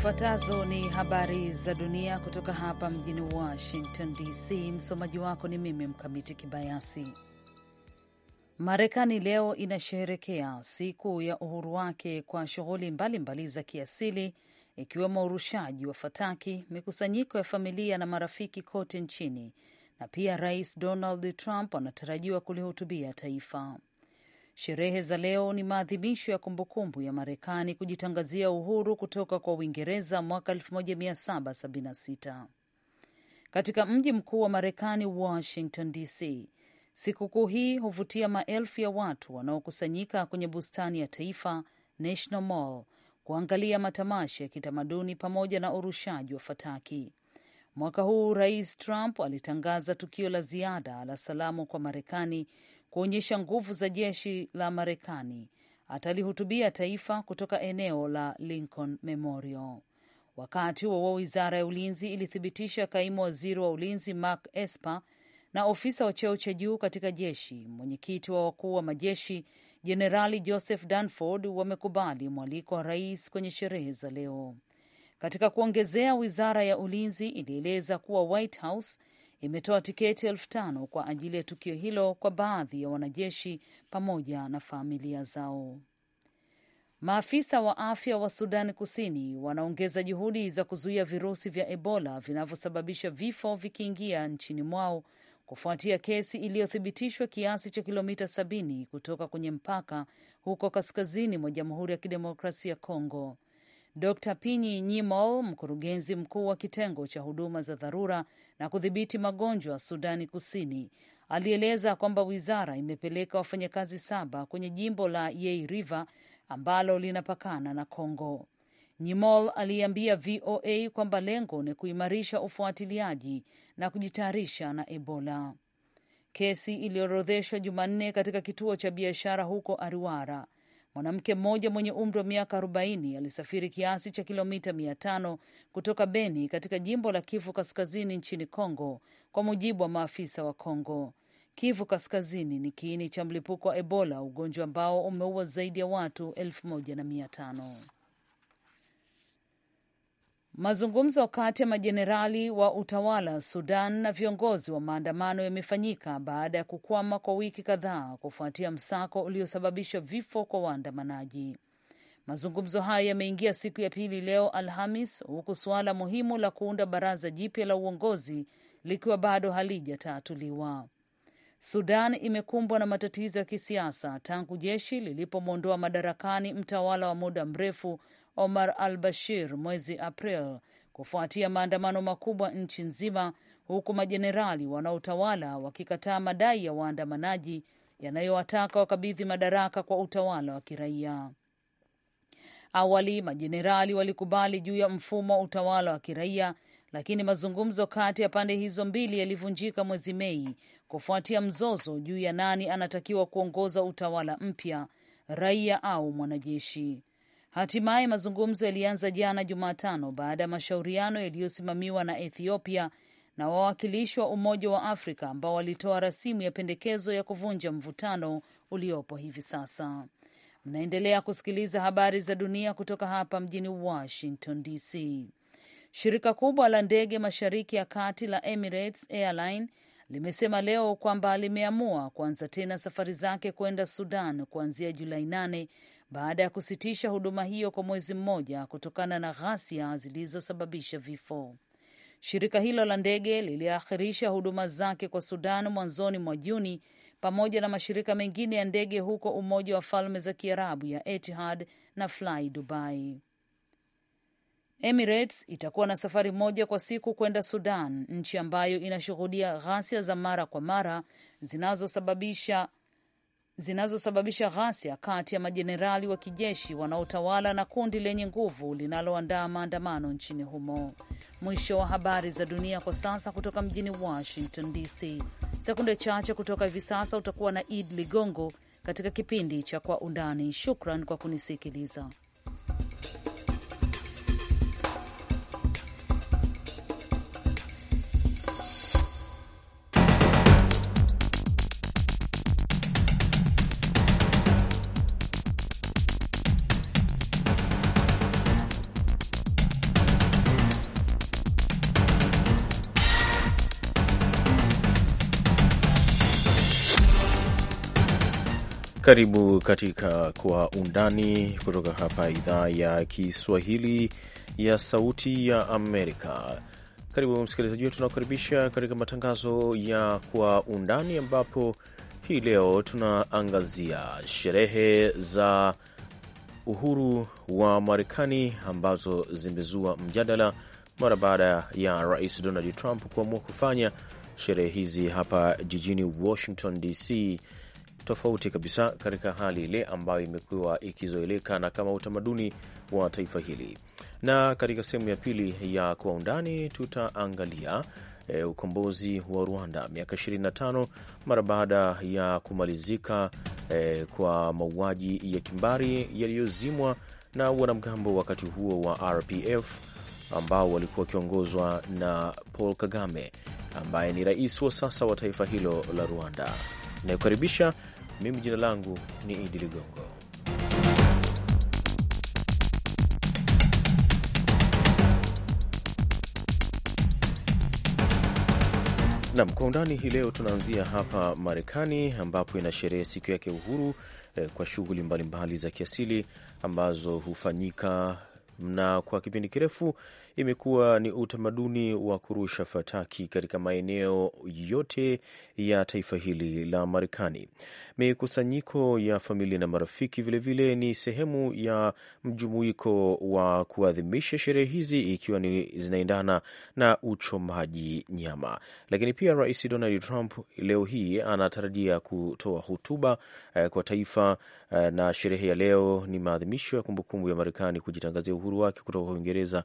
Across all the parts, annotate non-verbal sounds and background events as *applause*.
Zifuatazo ni habari za dunia kutoka hapa mjini Washington DC. Msomaji wako ni mimi Mkamiti Kibayasi. Marekani leo inasheherekea siku ya uhuru wake kwa shughuli mbalimbali za kiasili ikiwemo urushaji wa fataki, mikusanyiko ya familia na marafiki kote nchini, na pia Rais Donald Trump anatarajiwa kulihutubia taifa. Sherehe za leo ni maadhimisho ya kumbukumbu ya Marekani kujitangazia uhuru kutoka kwa Uingereza mwaka 1776. Katika mji mkuu wa Marekani, Washington DC, sikukuu hii huvutia maelfu ya watu wanaokusanyika kwenye bustani ya taifa, National Mall, kuangalia matamasha ya kitamaduni pamoja na urushaji wa fataki. Mwaka huu Rais Trump alitangaza tukio la ziada la salamu kwa Marekani kuonyesha nguvu za jeshi la Marekani. Atalihutubia taifa kutoka eneo la Lincoln Memorial. Wakati huo, wizara ya ulinzi ilithibitisha kaimu waziri wa ulinzi Mark Esper na ofisa wa cheo cha juu katika jeshi, mwenyekiti wa wakuu wa majeshi Jenerali Joseph Dunford wamekubali mwaliko wa rais kwenye sherehe za leo. Katika kuongezea, wizara ya ulinzi ilieleza kuwa White House imetoa tiketi elfu tano kwa ajili ya tukio hilo kwa baadhi ya wanajeshi pamoja na familia zao. Maafisa wa afya wa Sudani Kusini wanaongeza juhudi za kuzuia virusi vya Ebola vinavyosababisha vifo vikiingia nchini mwao kufuatia kesi iliyothibitishwa kiasi cha kilomita sabini kutoka kwenye mpaka huko kaskazini mwa Jamhuri ya Kidemokrasia ya Kongo. Dr Pinyi Nyimol, mkurugenzi mkuu wa kitengo cha huduma za dharura na kudhibiti magonjwa Sudani Kusini, alieleza kwamba wizara imepeleka wafanyakazi saba kwenye jimbo la Yei River ambalo linapakana na Congo. Nyimol aliambia VOA kwamba lengo ni kuimarisha ufuatiliaji na kujitayarisha na Ebola. Kesi iliyoorodheshwa Jumanne katika kituo cha biashara huko Ariwara Mwanamke mmoja mwenye umri wa miaka 40 alisafiri kiasi cha kilomita 500 kutoka Beni katika jimbo la Kivu Kaskazini nchini Kongo, kwa mujibu wa maafisa wa Kongo. Kivu Kaskazini ni kiini cha mlipuko wa Ebola, ugonjwa ambao umeua zaidi ya watu elfu Mazungumzo kati ya majenerali wa utawala Sudan na viongozi wa maandamano yamefanyika baada ya kukwama kwa wiki kadhaa kufuatia msako uliosababisha vifo kwa waandamanaji. Mazungumzo hayo yameingia siku ya pili leo Alhamis, huku suala muhimu la kuunda baraza jipya la uongozi likiwa bado halijatatuliwa. Sudan imekumbwa na matatizo ya kisiasa tangu jeshi lilipomwondoa madarakani mtawala wa muda mrefu Omar al Bashir mwezi April kufuatia maandamano makubwa nchi nzima, huku majenerali wanaotawala wakikataa madai ya waandamanaji yanayowataka wakabidhi madaraka kwa utawala wa kiraia. Awali majenerali walikubali juu ya mfumo wa utawala wa kiraia, lakini mazungumzo kati ya pande hizo mbili yalivunjika mwezi Mei kufuatia mzozo juu ya nani anatakiwa kuongoza utawala mpya, raia au mwanajeshi. Hatimaye mazungumzo yalianza jana Jumatano baada ya mashauriano yaliyosimamiwa na Ethiopia na wawakilishi wa Umoja wa Afrika ambao walitoa rasimu ya pendekezo ya kuvunja mvutano uliopo hivi sasa. Mnaendelea kusikiliza habari za dunia kutoka hapa mjini Washington DC. Shirika kubwa la ndege mashariki ya kati la Emirates Airline limesema leo kwamba limeamua kuanza tena safari zake kwenda Sudan kuanzia Julai nane baada ya kusitisha huduma hiyo kwa mwezi mmoja kutokana na ghasia zilizosababisha vifo. Shirika hilo la ndege liliakhirisha huduma zake kwa Sudan mwanzoni mwa Juni pamoja na mashirika mengine ya ndege huko Umoja wa Falme za Kiarabu ya Etihad na Fly Dubai. Emirates itakuwa na safari moja kwa siku kwenda Sudan, nchi ambayo inashuhudia ghasia za mara kwa mara zinazosababisha zinazosababisha ghasia kati ya majenerali wa kijeshi wanaotawala na kundi lenye nguvu linaloandaa maandamano nchini humo. Mwisho wa habari za dunia kwa sasa kutoka mjini Washington DC. Sekunde chache kutoka hivi sasa utakuwa na Id Ligongo katika kipindi cha Kwa Undani. Shukran kwa kunisikiliza. Karibu katika Kwa Undani kutoka hapa idhaa ya Kiswahili ya Sauti ya Amerika. Karibu msikilizaji wetu, tunakukaribisha katika matangazo ya Kwa Undani, ambapo hii leo tunaangazia sherehe za uhuru wa Marekani ambazo zimezua mjadala mara baada ya Rais Donald Trump kuamua kufanya sherehe hizi hapa jijini Washington DC tofauti kabisa katika hali ile ambayo imekuwa ikizoeleka na kama utamaduni wa taifa hili. Na katika sehemu ya pili ya kwa undani tutaangalia e, ukombozi wa Rwanda miaka 25 mara baada ya kumalizika e, kwa mauaji ya kimbari yaliyozimwa na wanamgambo wakati huo wa RPF ambao walikuwa wakiongozwa na Paul Kagame ambaye ni rais wa sasa wa taifa hilo la Rwanda. Nayekukaribisha mimi jina langu ni Idi Ligongo. Nam kwa undani hii leo, tunaanzia hapa Marekani ambapo inasherehe siku yake uhuru eh, kwa shughuli mbalimbali za kiasili ambazo hufanyika na kwa kipindi kirefu imekuwa ni utamaduni wa kurusha fataki katika maeneo yote ya taifa hili la Marekani. Mikusanyiko ya familia na marafiki vilevile vile ni sehemu ya mjumuiko wa kuadhimisha sherehe hizi, ikiwa ni zinaendana na uchomaji nyama. Lakini pia Rais Donald Trump leo hii anatarajia kutoa hotuba eh, kwa taifa eh, na sherehe ya leo ni maadhimisho ya kumbukumbu ya Marekani kujitangazia uhuru uhuru wake kutoka Uingereza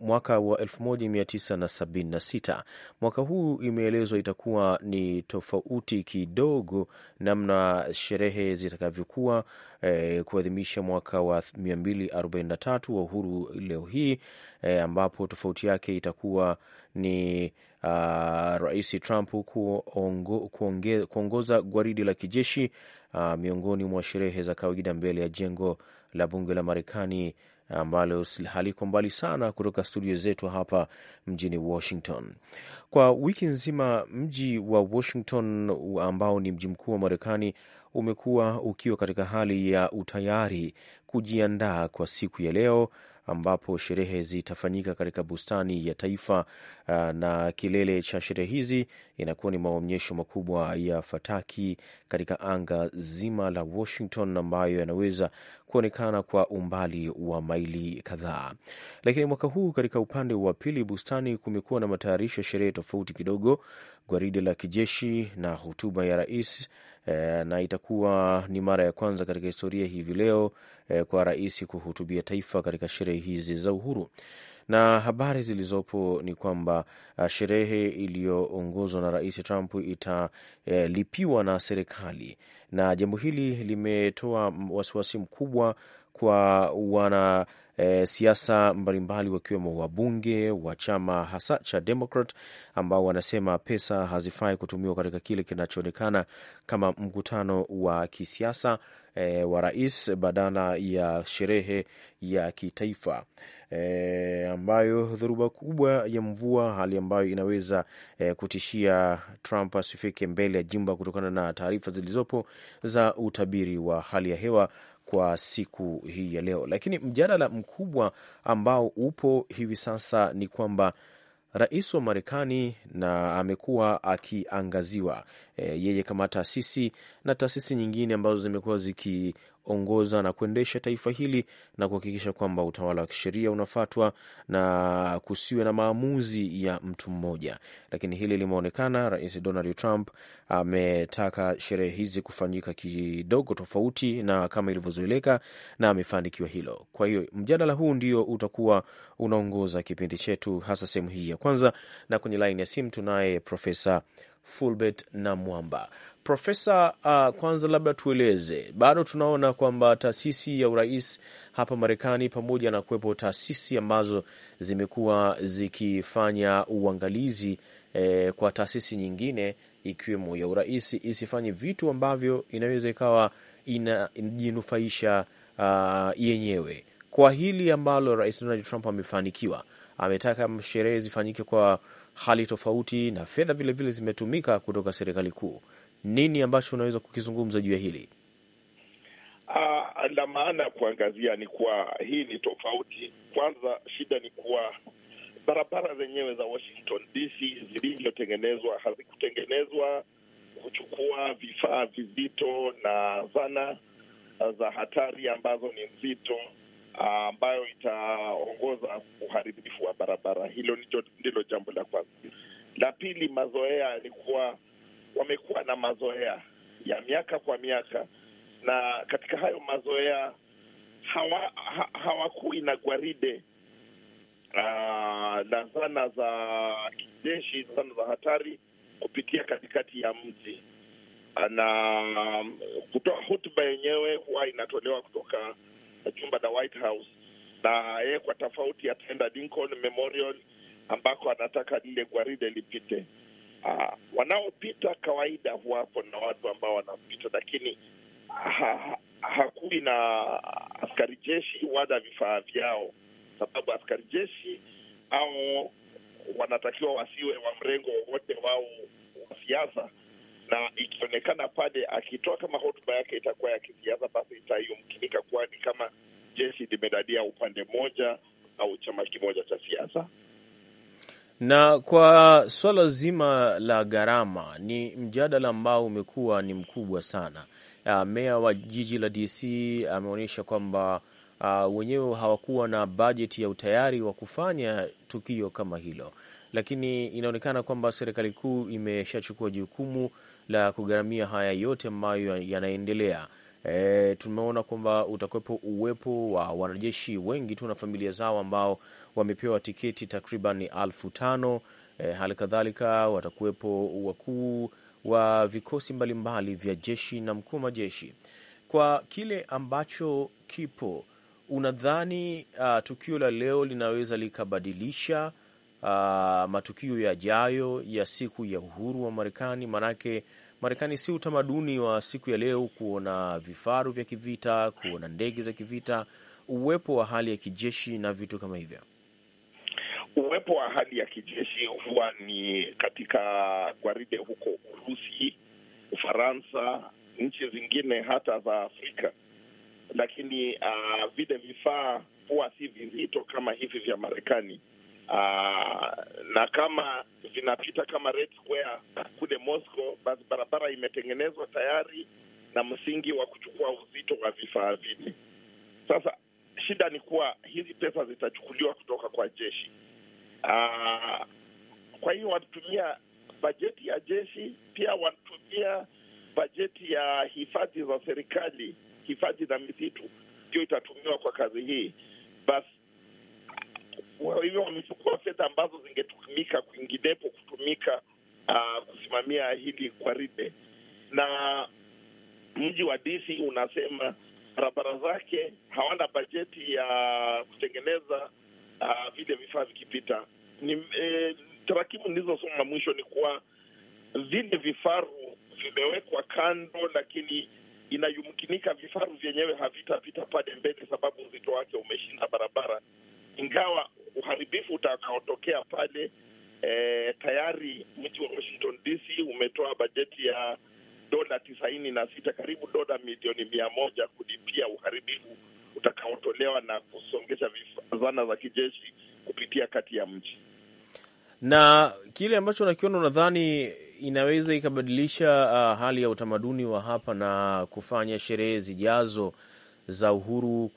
mwaka wa 1976. Mwaka huu imeelezwa itakuwa ni tofauti kidogo namna sherehe zitakavyokuwa eh, kuadhimisha mwaka wa 243 wa uhuru leo hii eh, ambapo tofauti yake itakuwa ni uh, Rais Trump kuongo, kuonge, kuongoza gwaridi la kijeshi uh, miongoni mwa sherehe za kawaida mbele ya jengo la bunge la Marekani ambalo haliko mbali sana kutoka studio zetu hapa mjini Washington. Kwa wiki nzima, mji wa Washington ambao ni mji mkuu wa Marekani umekuwa ukiwa katika hali ya utayari kujiandaa kwa siku ya leo ambapo sherehe zitafanyika katika bustani ya taifa uh, na kilele cha sherehe hizi inakuwa ni maonyesho makubwa ya fataki katika anga zima la Washington ambayo yanaweza kuonekana kwa umbali wa maili kadhaa. Lakini mwaka huu katika upande wa pili bustani, kumekuwa na matayarisho ya sherehe tofauti kidogo, gwaride la kijeshi na hotuba ya rais Eh, na itakuwa ni mara ya kwanza katika historia hivi leo e, kwa rais kuhutubia taifa katika sherehe hizi za uhuru na habari zilizopo ni kwamba eh, sherehe iliyoongozwa na rais Trump italipiwa e, na serikali, na jambo hili limetoa wasiwasi mkubwa kwa wana e, siasa mbalimbali wakiwemo wabunge wa chama hasa cha Democrat ambao wanasema pesa hazifai kutumiwa katika kile kinachoonekana kama mkutano wa kisiasa e, wa rais badala ya sherehe ya kitaifa e, ambayo dhoruba kubwa ya mvua, hali ambayo inaweza e, kutishia Trump asifike mbele ya jimba kutokana na taarifa zilizopo za utabiri wa hali ya hewa kwa siku hii ya leo. Lakini mjadala mkubwa ambao upo hivi sasa ni kwamba rais wa Marekani na amekuwa akiangaziwa e, yeye kama taasisi na taasisi nyingine ambazo zimekuwa ziki ongoza na kuendesha taifa hili na kuhakikisha kwamba utawala wa kisheria unafatwa na kusiwe na maamuzi ya mtu mmoja. Lakini hili limeonekana, Rais Donald Trump ametaka sherehe hizi kufanyika kidogo tofauti na kama ilivyozoeleka na amefanikiwa hilo. Kwa hiyo mjadala huu ndio utakuwa unaongoza kipindi chetu, hasa sehemu hii ya kwanza, na kwenye laini ya simu tunaye Profesa Fulbert na Mwamba. Profesa, uh, kwanza labda tueleze, bado tunaona kwamba taasisi ya urais hapa Marekani pamoja na kuwepo taasisi ambazo zimekuwa zikifanya uangalizi eh, kwa taasisi nyingine ikiwemo ya urais isifanye vitu ambavyo inaweza ikawa inajinufaisha uh, yenyewe kwa hili ambalo Rais Donald Trump amefanikiwa ametaka sherehe zifanyike kwa hali tofauti na fedha vilevile zimetumika kutoka serikali kuu. Nini ambacho unaweza kukizungumza juu ya hili? Uh, la maana ya kuangazia ni kuwa hii ni tofauti. Kwanza shida ni kuwa barabara zenyewe za Washington DC zilivyotengenezwa hazikutengenezwa kuchukua vifaa vizito na zana za hatari ambazo ni nzito ah, ambayo itaongoza uharibifu wa barabara. Hilo ndilo jambo la kwanza. La pili, mazoea ni kuwa wamekuwa na mazoea ya miaka kwa miaka, na katika hayo mazoea hawa, ha, hawakui na gwaride uh, na zana za kijeshi, zana za hatari kupitia katikati ya mji na kutoa hotuba yenyewe huwa inatolewa kutoka chumba la White House, na yeye kwa tofauti ataenda Lincoln Memorial ambako anataka lile gwaride lipite. Ah, wanaopita kawaida huwapo na watu ambao wanapita, lakini ha, hakuwi na askari jeshi wala vifaa vyao, sababu askari jeshi au wanatakiwa wasiwe wa mrengo wowote wao wa siasa, na ikionekana pale akitoa kama hotuba yake itakuwa ya kisiasa, basi itayumkinika, ni kama jeshi limedadia upande mmoja au chama kimoja cha siasa. Na kwa swala zima la gharama, ni mjadala ambao umekuwa ni mkubwa sana. Uh, meya wa jiji la DC ameonyesha kwamba uh, wenyewe hawakuwa na bajeti ya utayari wa kufanya tukio kama hilo, lakini inaonekana kwamba serikali kuu imeshachukua jukumu la kugharamia haya yote ambayo yanaendelea e, tumeona kwamba utakuwepo uwepo wa wanajeshi wengi tu na familia zao ambao wamepewa tiketi takriban alfu tano. E, hali kadhalika watakuwepo wakuu wa vikosi mbalimbali vya jeshi na mkuu wa majeshi. Kwa kile ambacho kipo, unadhani uh, tukio la leo linaweza likabadilisha uh, matukio yajayo ya siku ya uhuru wa Marekani? Maanake Marekani si utamaduni wa siku ya leo kuona vifaru vya kivita, kuona ndege za kivita, uwepo wa hali ya kijeshi na vitu kama hivyo. Uwepo wa hali ya kijeshi huwa ni katika gwaride huko Urusi, Ufaransa, nchi zingine hata za Afrika, lakini uh, vile vifaa huwa si vizito kama hivi vya Marekani. Ah, na kama vinapita kama Red Square kule Moscow, basi barabara imetengenezwa tayari na msingi wa kuchukua uzito wa vifaa vile. Sasa shida ni kuwa hizi pesa zitachukuliwa kutoka kwa jeshi. Aa, ah, kwa hiyo wanatumia bajeti ya jeshi, pia wanatumia bajeti ya hifadhi za serikali, hifadhi za misitu ndio itatumiwa kwa kazi hii. Basi kwa hivyo wamechukua fedha ambazo zingetumika kwinginepo kutumika uh, kusimamia hili gwaride, na mji wa DC unasema barabara zake hawana bajeti ya kutengeneza uh, vile vifaa vikipita. Ni eh, tarakimu nilizosoma mwisho ni kuwa vile vifaru vimewekwa kando, lakini inayumkinika vifaru vyenyewe havitapita pale mbele, sababu uzito wake umeshinda barabara, ingawa uharibifu utakaotokea pale. E, tayari mji wa Washington DC umetoa bajeti ya dola tisaini na sita, karibu dola milioni mia moja kulipia uharibifu utakaotolewa na kusongesha zana za kijeshi kupitia kati ya mji. Na kile ambacho nakiona, unadhani inaweza ikabadilisha uh, hali ya utamaduni wa hapa na kufanya sherehe zijazo za uhuru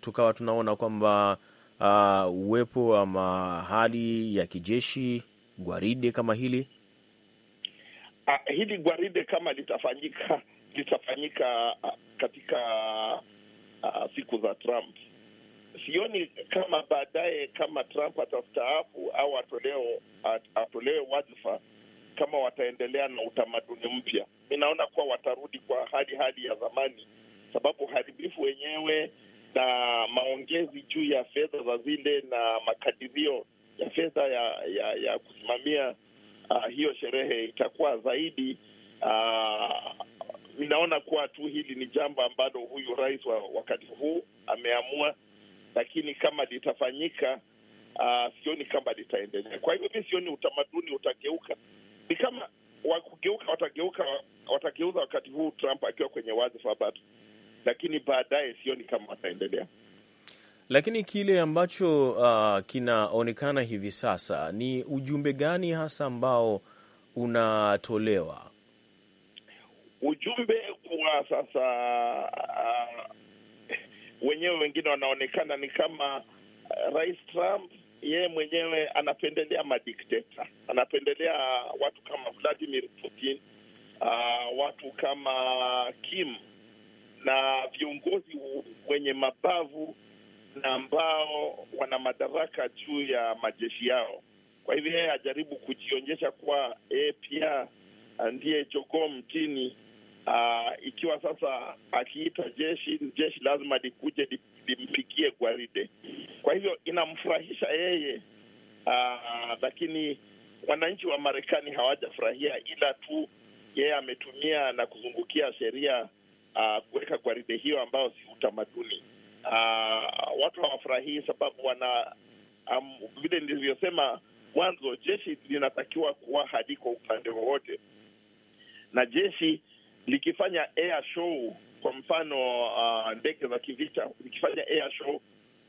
tukawa tunaona kwamba uh, uwepo wa mahali ya kijeshi gwaride kama hili uh, hili gwaride kama litafanyika litafanyika uh, katika uh, siku za Trump. Sioni kama baadaye kama Trump atastaafu au atolewe atolewe wadhifa kama wataendelea na utamaduni mpya. Mi naona kuwa watarudi kwa hali hali ya zamani, sababu uharibifu wenyewe na maongezi juu ya fedha za zile na makadirio ya fedha ya, ya, ya kusimamia uh, hiyo sherehe itakuwa zaidi uh, ah, inaona kuwa tu hili ni jambo ambalo huyu rais wa wakati huu ameamua, lakini kama litafanyika uh, sioni kama litaendelea. Kwa hivyo mi sioni utamaduni utageuka, ni kama wakugeuka watageuka watageuza wakati huu Trump akiwa kwenye wadhifa bado lakini baadaye sioni kama wataendelea. Lakini kile ambacho uh, kinaonekana hivi sasa ni ujumbe gani hasa ambao unatolewa? Ujumbe wa sasa uh, wenyewe wengine wanaonekana ni kama uh, Rais Trump yeye mwenyewe anapendelea madikteta, anapendelea watu kama Vladimir Putin, uh, watu kama Kim na viongozi wenye mabavu na ambao wana madaraka juu ya majeshi yao. Kwa hivyo yeye ajaribu kujionyesha kuwa yeye pia uh, ndiye jogoo mtini. Uh, ikiwa sasa akiita jeshi jeshi lazima likuje limpigie gwaride. Kwa hivyo inamfurahisha yeye uh, lakini wananchi wa Marekani hawajafurahia, ila tu yeye ametumia na kuzungukia sheria Uh, kuweka gwaride hiyo ambayo si utamaduni. Uh, watu hawafurahii sababu wana um, vile nilivyosema mwanzo, jeshi linatakiwa kuwa hadi kwa upande wowote, na jeshi likifanya air show, kwa mfano uh, ndege za kivita likifanya air show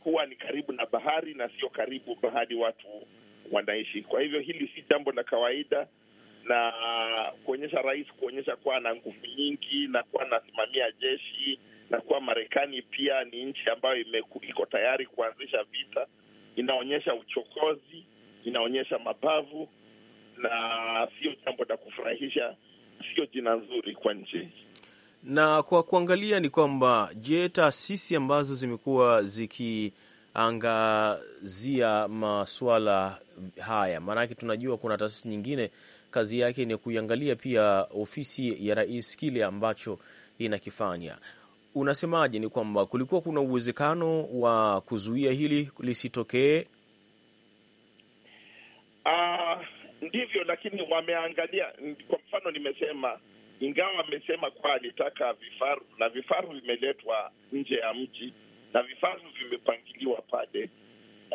huwa ni karibu na bahari na sio karibu bahari watu wanaishi. Kwa hivyo hili si jambo la kawaida na kuonyesha rais kuonyesha kuwa ana nguvu nyingi na kuwa anasimamia jeshi na kuwa Marekani pia ni nchi ambayo iko tayari kuanzisha vita. Inaonyesha uchokozi, inaonyesha mabavu, na sio jambo la kufurahisha, sio jina nzuri kwa nchi. Na kwa kuangalia ni kwamba je, taasisi ambazo zimekuwa zikiangazia masuala haya, maanake tunajua kuna taasisi nyingine kazi yake ni kuiangalia pia ofisi ya rais kile ambacho inakifanya. Unasemaje, ni kwamba kulikuwa kuna uwezekano wa kuzuia hili lisitokee? Uh, ndivyo, lakini wameangalia. Kwa mfano, nimesema ingawa amesema kuwa alitaka vifaru na vifaru vimeletwa nje ya mji na vifaru vimepangiliwa pale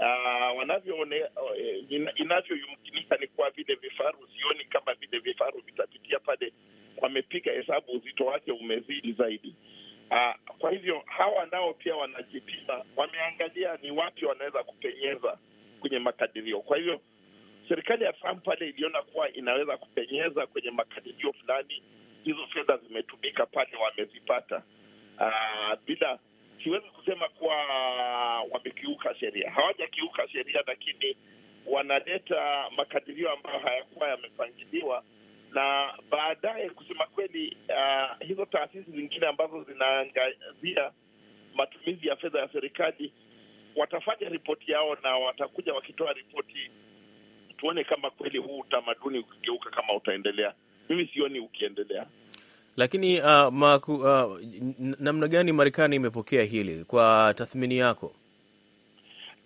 uh, ah, wanavyoone eh, inavyoyumkinika ni kuwa vile vifaru, sioni kama vile vifaru vitapitia pale, wamepiga hesabu uzito wake umezidi zaidi. Uh, kwa hivyo hawa nao pia wanajipima, wameangalia ni wapi wanaweza kupenyeza kwenye makadirio. Kwa hivyo serikali ya Trump pale iliona kuwa inaweza kupenyeza kwenye makadirio fulani, hizo fedha zimetumika pale, wamezipata uh, bila siwezi kusema kuwa wamekiuka sheria, hawajakiuka sheria, lakini wanaleta makadirio ambayo hayakuwa yamepangiliwa, na baadaye kusema kweli, uh, hizo taasisi zingine ambazo zinaangazia matumizi ya fedha ya serikali watafanya ripoti yao na watakuja wakitoa ripoti, tuone kama kweli huu utamaduni ukigeuka, kama utaendelea. Mimi sioni ukiendelea. Lakini uh, maku, uh, namna gani Marekani imepokea hili kwa tathmini yako?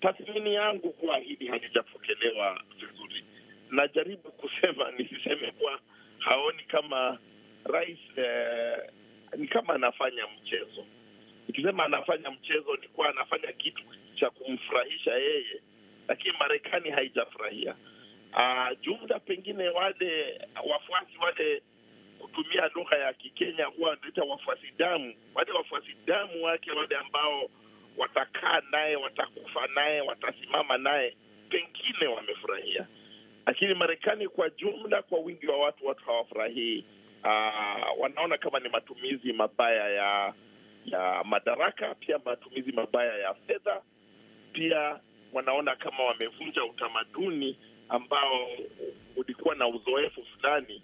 Tathmini yangu kuwa hili halijapokelewa vizuri. Najaribu kusema *laughs* nisiseme kuwa haoni kama rais eh, ni kama anafanya mchezo. Nikisema anafanya mchezo ni kuwa anafanya kitu cha kumfurahisha yeye, lakini Marekani haijafurahia. Uh, ah, jumla pengine wale wafuasi wale kutumia lugha ya Kikenya huwa wanaita wafuasi damu, wale wafuasi damu wake, wale ambao watakaa naye, watakufa naye, watasimama naye, pengine wamefurahia. Lakini Marekani kwa jumla, kwa wingi wa watu, watu hawafurahii. Uh, wanaona kama ni matumizi mabaya ya ya madaraka, pia matumizi mabaya ya fedha, pia wanaona kama wamevunja utamaduni ambao ulikuwa na uzoefu fulani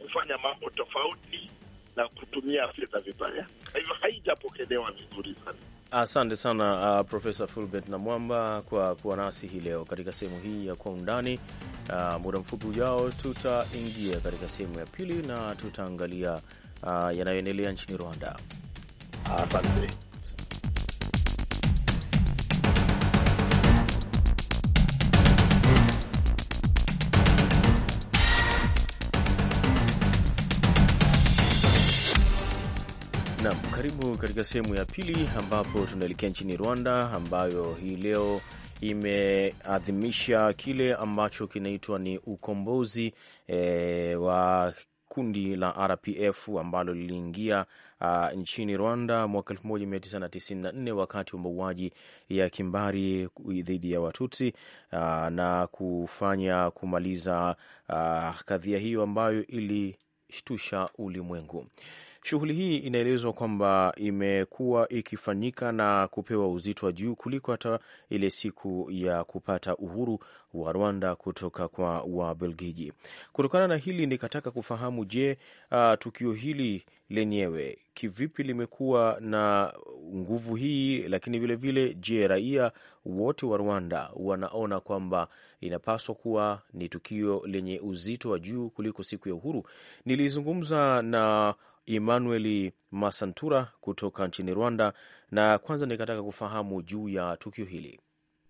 kufanya mambo tofauti na kutumia fedha vibaya. Kwa hivyo haijapokelewa vizuri sana. Asante sana uh, Profesa Fulbert na Mwamba kwa kuwa nasi hii leo katika sehemu hii ya kwa undani. Uh, muda mfupi ujao tutaingia katika sehemu ya pili na tutaangalia uh, yanayoendelea nchini Rwanda. Asante. Karibu katika sehemu ya pili ambapo tunaelekea nchini Rwanda ambayo hii leo imeadhimisha kile ambacho kinaitwa ni ukombozi e, wa kundi la RPF ambalo liliingia uh, nchini Rwanda mwaka 1994 wakati wa mauaji ya kimbari dhidi ya Watutsi uh, na kufanya kumaliza uh, kadhia hiyo ambayo ilishtusha ulimwengu. Shughuli hii inaelezwa kwamba imekuwa ikifanyika na kupewa uzito wa juu kuliko hata ile siku ya kupata uhuru wa Rwanda kutoka kwa Wabelgiji. Kutokana na hili, nikataka kufahamu, je, uh, tukio hili lenyewe kivipi limekuwa na nguvu hii, lakini vilevile, je, raia wote wa Rwanda wanaona kwamba inapaswa kuwa ni tukio lenye uzito wa juu kuliko siku ya uhuru? Nilizungumza na Emmanuel Masantura kutoka nchini Rwanda, na kwanza nikataka kufahamu juu ya tukio hili.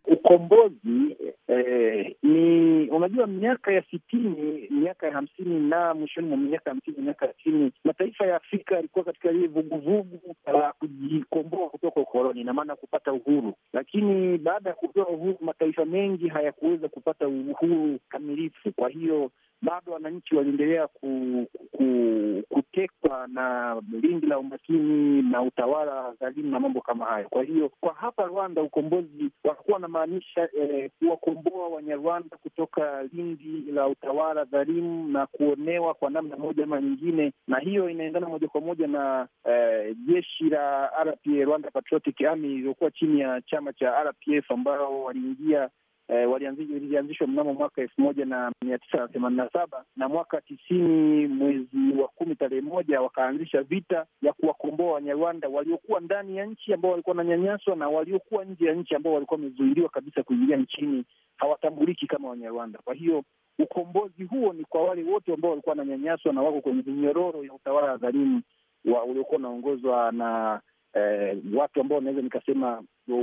Ukombozi eh, ni unajua, miaka ya sitini, miaka ya hamsini na mwishoni mwa miaka ya hamsini, miaka ya sitini, mataifa ya Afrika yalikuwa katika ile vuguvugu la kujikomboa kutoka ukoloni, na maana kupata uhuru. Lakini baada ya kupewa uhuru, mataifa mengi hayakuweza kupata uhuru kamilifu. Kwa hiyo bado wananchi waliendelea ku, ku, kutekwa na lindi la umaskini na utawala dhalimu na mambo kama hayo. Kwa hiyo kwa hapa Rwanda ukombozi wanakuwa wanamaanisha eh, kuwakomboa Wanyarwanda kutoka lindi la utawala dhalimu na kuonewa kwa namna moja ama nyingine, na hiyo inaendana moja kwa moja na eh, jeshi la RPA, Rwanda Patriotic Army, iliyokuwa chini ya chama cha RPF ambao waliingia Eh, walianzishwa mnamo mwaka elfu moja na mia tisa na themanini na saba na mwaka tisini mwezi wa kumi tarehe moja wakaanzisha vita ya kuwakomboa Wanyarwanda waliokuwa ndani ya nchi ambao walikuwa wananyanyaswa na waliokuwa nje ya nchi ambao walikuwa wamezuiliwa kabisa kuingia nchini, hawatambuliki kama Wanyarwanda. Kwa hiyo ukombozi huo ni kwa wale wote ambao walikuwa wananyanyaswa na wako kwenye minyororo ya utawala wa dhalimu wa uliokuwa unaongozwa na eh, watu ambao naweza nikasema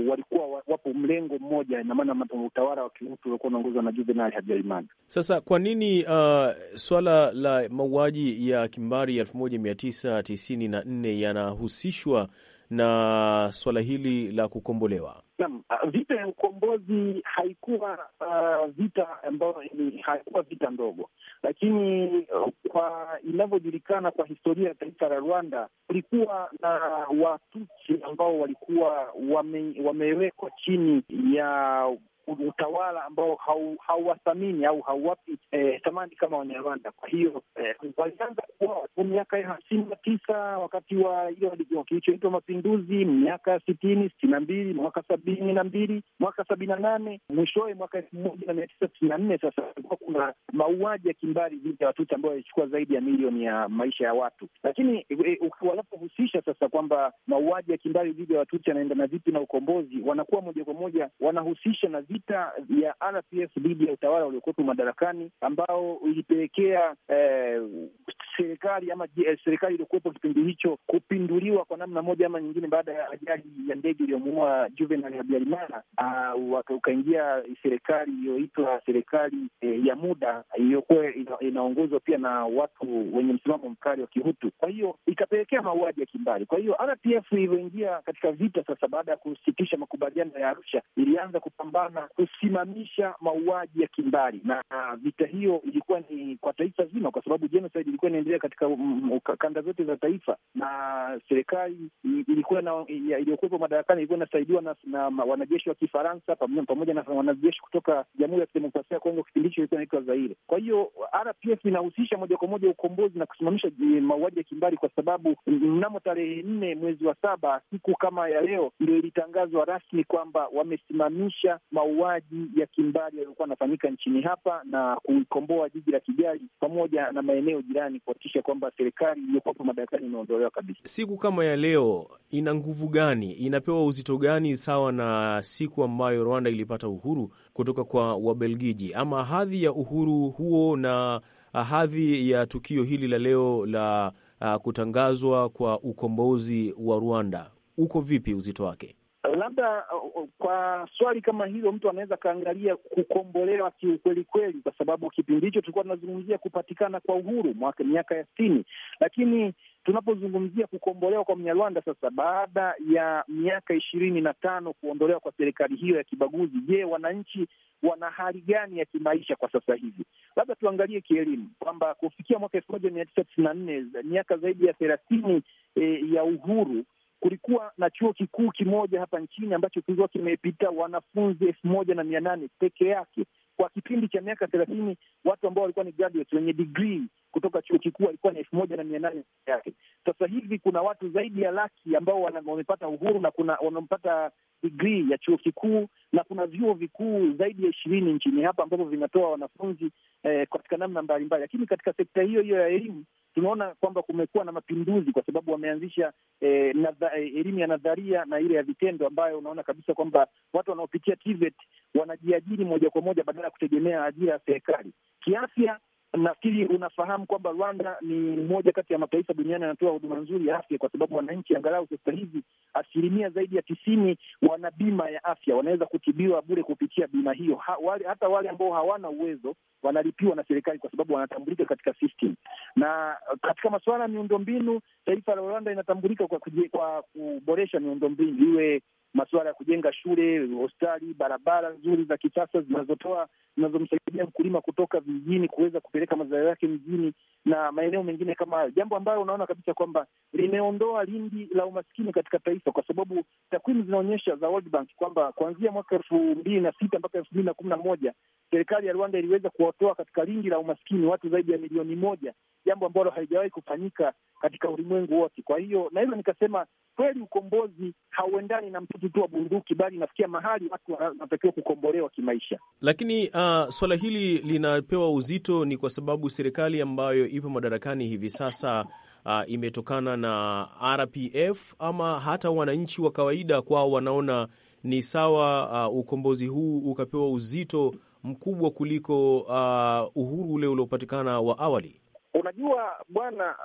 walikuwa wapo mlengo mmoja, ina maana utawala wa kiutu uliokuwa unaongozwa na Juvenal Habyarimana. Sasa kwa nini uh, swala la mauaji ya kimbari elfu moja mia tisa tisini na nne yanahusishwa na swala hili la kukombolewa? Naam, ah, vita ya ukombozi haikuwa uh, vita ambayo haikuwa vita ndogo, lakini uh, kwa inavyojulikana kwa historia ya taifa la Rwanda, kulikuwa na Watusi ambao walikuwa wamewekwa chini ya utawala ambao hauwathamini hau au hauwapi eh, thamani kama Wanyarwanda. Kwa hiyo eh, walianza kuwa miaka ya hamsini na tisa wakati wa hiyo kilichoitwa mapinduzi, miaka ya sitini sitini na mbili mwaka sabini na mbili mwaka sabini na nane mwishowe mwaka elfu moja na mia tisa tisini na nne Sasa kulikuwa kuna mauaji ya kimbari dhidi ya Watuti ambayo yalichukua zaidi ya milioni ya maisha ya watu, lakini eh, wanapohusisha sasa kwamba mauaji ya kimbari dhidi ya Watuti yanaendana vipi na ukombozi, wanakuwa moja kwa moja wanahusisha na vita vya RPF dhidi ya utawala uliokuwepo madarakani ambao ilipelekea eh, serikali ama serikali iliyokuwepo kipindi hicho kupinduliwa kwa namna moja ama nyingine, baada ya ajali ya ndege iliyomuua Juvenal Habyarimana, ukaingia serikali iliyoitwa serikali eh, ya muda iliyokuwa inaongozwa pia na watu wenye msimamo mkali wa Kihutu, kwa hiyo ikapelekea mauaji ya kimbali. Kwa hiyo RPF ilivyoingia katika vita sasa, baada ya kusitisha makubaliano ya Arusha, ilianza kupambana kusimamisha mauaji ya kimbali, na vita hiyo ilikuwa ni kwa taifa zima, kwa sababu genocide ilikuwa kuendelea katika kanda zote za taifa, na serikali ilikuwa iliyokuwepo madarakani ilikuwa inasaidiwa na, na wanajeshi wa Kifaransa pamoja na wanajeshi kutoka Jamhuri ya Kidemokrasia ya Kongo, kipindi hicho ilikuwa inaitwa Zaire. Kwa hiyo RPF inahusisha moja kwa moja ukombozi na kusimamisha e, mauaji ya kimbari, kwa sababu mnamo tarehe nne mwezi wa saba siku kama ya leo ndio ilitangazwa rasmi kwamba wamesimamisha mauaji ya kimbari yaliyokuwa anafanyika nchini hapa na kuikomboa jiji la Kigali pamoja na maeneo jirani kwa kuhakikisha kwamba serikali iliyokuwapo madarakani imeondolewa kabisa. Siku kama ya leo ina nguvu gani? Inapewa uzito gani? Sawa na siku ambayo Rwanda ilipata uhuru kutoka kwa Wabelgiji, ama hadhi ya uhuru huo na hadhi ya tukio hili la leo la uh, kutangazwa kwa ukombozi wa Rwanda uko vipi uzito wake? labda uh, uh, kwa swali kama hilo mtu anaweza akaangalia kukombolewa kiukweli kweli, kwa sababu kipindi hicho tulikuwa tunazungumzia kupatikana kwa uhuru mwaka miaka ya sitini, lakini tunapozungumzia kukombolewa kwa Mnyarwanda sasa baada ya miaka ishirini na tano kuondolewa kwa serikali hiyo ya kibaguzi, je, wananchi wana hali gani ya kimaisha kwa sasa hivi? Labda tuangalie kielimu kwamba kufikia mwaka elfu moja mia tisa tisini na nne miaka zaidi ya thelathini e, ya uhuru kulikuwa na chuo kikuu kimoja hapa nchini ambacho kilikuwa kimepita wanafunzi elfu moja na mia nane peke yake kwa kipindi cha miaka thelathini. Watu ambao walikuwa ni graduates wenye degree kutoka chuo kikuu walikuwa ni elfu moja na mia nane peke yake. Sasa hivi kuna watu zaidi ya laki ambao wamepata uhuru na kuna wamepata degree ya chuo kikuu na kuna vyuo vikuu zaidi ya ishirini nchini hapa ambavyo vinatoa wanafunzi eh, katika namna mbalimbali, lakini katika sekta hiyo hiyo ya elimu tunaona kwamba kumekuwa na mapinduzi kwa sababu wameanzisha eh, eh, elimu ya nadharia na ile ya vitendo, ambayo unaona kabisa kwamba watu wanaopitia TVET wanajiajiri moja kwa moja badala ya kutegemea ajira ya serikali. Kiafya nafikiri unafahamu kwamba Rwanda ni moja kati ya mataifa duniani yanatoa huduma nzuri ya afya, kwa sababu wananchi angalau sasa hivi asilimia zaidi ya tisini wana bima ya afya, wanaweza kutibiwa bure kupitia bima hiyo. Ha, wale, hata wale ambao hawana uwezo wanalipiwa na serikali, kwa sababu wanatambulika katika system. Na katika masuala ya miundombinu, taifa la Rwanda inatambulika kwa, kwa kuboresha miundombinu iwe masuala ya kujenga shule, hospitali, barabara nzuri za kisasa zinazotoa zinazomsaidia mkulima kutoka vijijini kuweza kupeleka mazao yake mjini na maeneo mengine kama hayo, jambo ambalo unaona kabisa kwamba limeondoa lindi la umaskini katika taifa, kwa sababu takwimu zinaonyesha za World Bank kwamba kuanzia mwaka elfu mbili na sita mpaka elfu mbili na kumi na moja serikali ya Rwanda iliweza kuwatoa katika lindi la umaskini watu zaidi ya milioni moja, jambo ambalo halijawahi kufanyika katika ulimwengu wote. Kwa hiyo naweza nikasema kweli ukombozi hauendani na mtutu tu wa bunduki, bali inafikia mahali watu wanatakiwa kukombolewa kimaisha. Lakini uh, suala hili linapewa uzito ni kwa sababu serikali ambayo ipo madarakani hivi sasa uh, imetokana na RPF ama hata wananchi wa kawaida kwao wanaona ni sawa, uh, ukombozi huu ukapewa uzito mkubwa kuliko uh, uhuru ule uliopatikana wa awali. Unajua bwana,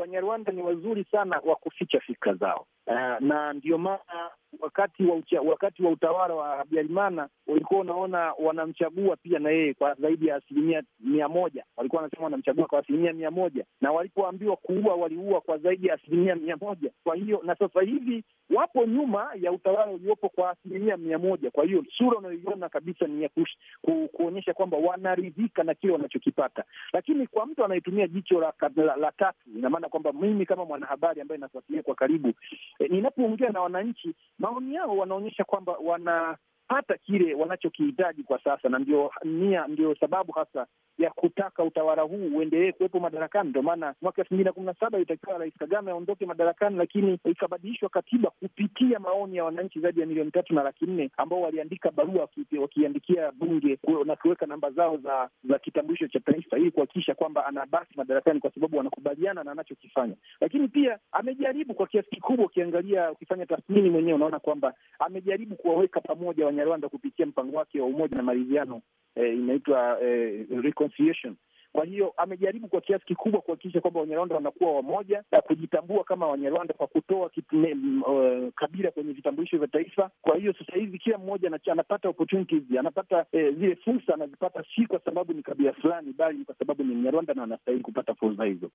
Wanyarwanda ni wazuri sana wa kuficha fikra zao uh, na ndio maana wakati wa ucha, wakati wa utawala wa Habyarimana walikuwa unaona wanamchagua pia na yeye kwa zaidi ya asilimia mia moja. Walikuwa wanasema wanamchagua kwa asilimia mia moja, na walipoambiwa kuua waliua kwa zaidi ya asilimia mia moja. Kwa hiyo na sasa hivi wapo nyuma ya utawala uliopo kwa asilimia mia moja. Kwa hiyo sura unayoiona kabisa ni ya kush, ku, kuonyesha kwamba wanaridhika na kile wanachokipata, lakini kwa mtu anayetumia jicho la, la, la, la tatu, ina maana kwamba mimi kama mwanahabari ambaye nafuatilia kwa karibu Eh, ninapoongea na wananchi, maoni yao wanaonyesha kwamba wana hata kile wanachokihitaji kwa sasa, na ndio nia, ndio sababu hasa ya kutaka utawala huu uendelee kuwepo madarakani. Ndio maana mwaka elfu mbili na kumi na saba ilitakiwa Rais Kagame aondoke madarakani, lakini ikabadilishwa katiba kupitia maoni ya wananchi zaidi ya milioni tatu na laki nne ambao waliandika barua wakiandikia bunge na kuweka namba zao za za kitambulisho cha taifa ili kuhakikisha kwamba anabaki madarakani, kwa sababu wanakubaliana na anachokifanya. Lakini pia amejaribu kwa kiasi kikubwa, ukiangalia, ukifanya tathmini mwenyewe unaona kwamba amejaribu kuwaweka pamoja kufanya Rwanda kupitia mpango wake wa umoja na maridhiano eh, inaitwa eh, reconciliation. Kwa hiyo amejaribu kwa kiasi kikubwa kuhakikisha kwamba Wanyarwanda wanakuwa wamoja na kujitambua kama Wanyarwanda kwa kutoa uh, kabila kwenye vitambulisho vya taifa. Kwa hiyo sasa hivi kila mmoja anapata opportunities, anapata eh, zile fursa anazipata, si kwa sababu ni kabila fulani, bali ni kwa sababu ni Mnyarwanda na anastahili kupata fursa hizo.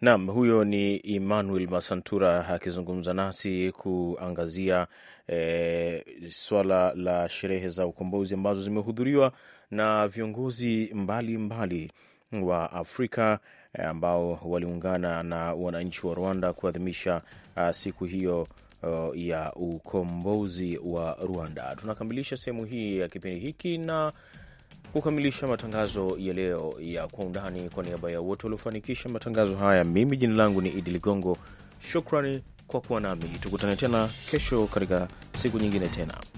Naam, huyo ni Emmanuel Masantura akizungumza nasi kuangazia e, swala la sherehe za ukombozi ambazo zimehudhuriwa na viongozi mbalimbali mbali wa Afrika eh, ambao waliungana na wananchi wa Rwanda kuadhimisha ah, siku hiyo oh, ya ukombozi wa Rwanda. Tunakamilisha sehemu hii ya kipindi hiki na kukamilisha matangazo ya leo ya Kwa Undani. Kwa niaba ya wote waliofanikisha matangazo haya, mimi jina langu ni Idi Ligongo. Shukrani kwa kuwa nami, tukutane tena kesho katika siku nyingine tena.